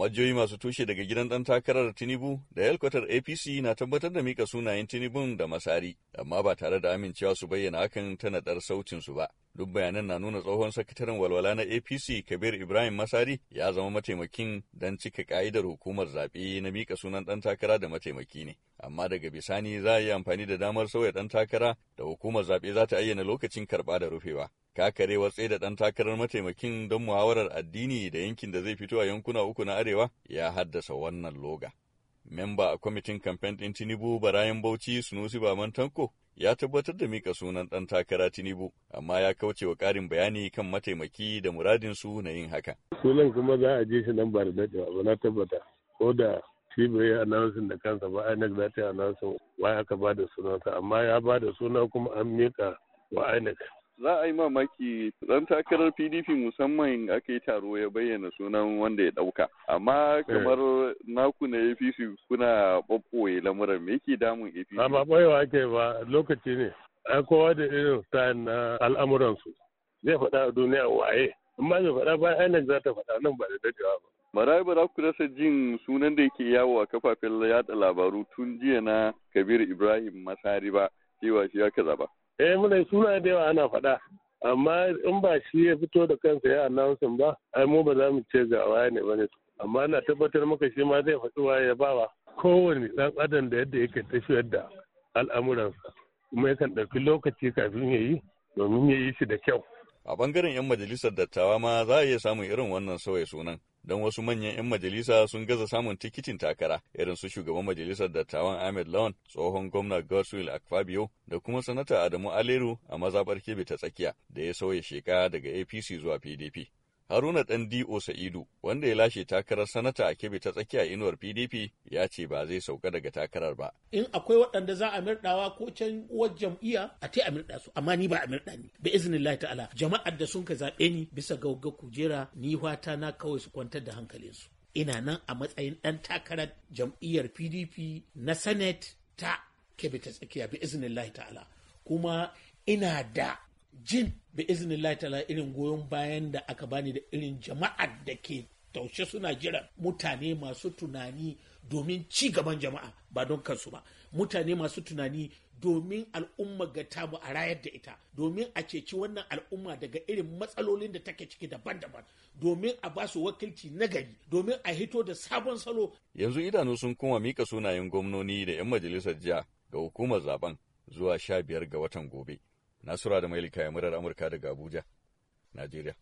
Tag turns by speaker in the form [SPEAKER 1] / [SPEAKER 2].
[SPEAKER 1] Majiyoyi masu tushe daga gidan ɗan takarar Tinubu da yalkwatar APC na tabbatar da mika sunayen Tinubun da Masari, amma ba tare da amincewa su bayyana hakan ta naɗar sautinsu ba. Duk bayanan na nuna tsohon sakataren walwala na APC Kabir Ibrahim Masari ya zama mataimakin don cika ka'idar hukumar zaɓe na mika sunan ɗan takara da mataimaki ne. Amma daga bisani za a yi amfani da damar sauya ɗan takara da hukumar zaɓe za ta ayyana lokacin karɓa da rufewa. kakare watsai da ɗan takarar mataimakin don muhawarar addini da yankin da zai fito a yankuna uku na arewa ya haddasa wannan loga. Memba a kwamitin kamfen ɗin Tinubu Barayan Bauchi Sunusi Baman Tanko ya tabbatar da mika sunan ɗan takara Tinubu, amma ya kauce wa ƙarin bayani kan mataimaki da muradinsu na yin haka.
[SPEAKER 2] Sunan kuma za a je shi nan ba da daɗewa ba na tabbata, ko da shi bai yi
[SPEAKER 1] announcing da kansa ba INEC za ta yi announcing
[SPEAKER 2] wai aka ba da sunansa, amma ya ba da suna kuma an mika wa INEC. za a yi
[SPEAKER 3] mamaki dan takarar pdp musamman aka yi taro ya bayyana sunan wanda ya dauka amma eh. kamar naku na apc kuna ɓaɓɓoye lamuran me yake damun apc
[SPEAKER 2] ba ɓoyewa ake ba lokaci ne kowa da irin ta na al'amuransu zai faɗa a duniya waye in ba zai faɗa ba inec za ta faɗa nan ba da dadewa ba Marai
[SPEAKER 3] ba za ku rasa jin sunan da yake yawo a kafafen yada labaru tun jiya na Kabir Ibrahim
[SPEAKER 2] Masari ba cewa shi aka zaba. eh muna suna da yawa ana faɗa amma in ba shi ya fito da kansa ya announcing ba ai mu ba za mu ce ga waye ne bane amma na tabbatar maka shi ma zai faɗi waye ya bawa kowane ɗan adam da yadda yake tafiyar da
[SPEAKER 1] al'amuransa kuma yakan ɗauki lokaci kafin ya yi domin ya yi shi da kyau a bangaren 'yan majalisar dattawa ma za a iya samun irin wannan sauya sunan don wasu manyan 'yan majalisa sun gaza samun tikitin takara irin su shugaban majalisar dattawan Ahmed Lawan, tsohon gwamna Godswill Akfabio da kuma sanata Adamu Aleru a mazabar Kebe ta tsakiya da ya sauya sheka daga APC zuwa PDP. Haruna ɗan D.O. Sa'idu, wanda ya lashe takarar sanata a kebe ta tsakiya inuwar PDP, ya ce ba zai sauka daga takarar ba.
[SPEAKER 4] In akwai waɗanda za a mirɗawa ko can uwar jam'iyya a te a mirɗa su, amma ni ba a mirɗa ni. Bi ta'ala, jama'ar da sun ka zaɓe ni bisa ga kujera ni wata na kawai su kwantar da hankalinsu. Ina nan a matsayin ɗan takarar jam'iyyar PDP na Senate ta kebe ta tsakiya bi iznillahi ta'ala. Kuma ina da jin bi izini laitala irin goyon bayan da aka bani da irin jama'a da ke taushe suna jiran mutane masu tunani domin ci gaban jama'a ba don kansu ba mutane masu tunani domin al'umma ga tamu a rayar da ita domin a ceci wannan al'umma daga irin matsalolin da take ciki daban-daban domin a ba su wakilci nagari, domin a hito da sabon salo
[SPEAKER 1] yanzu idanu sun kuma mika sunayen gwamnoni da 'yan majalisar jiya ga hukumar zaben zuwa sha biyar ga watan gobe Nasura da Mailika ya murar Amurka daga Abuja, Najeriya.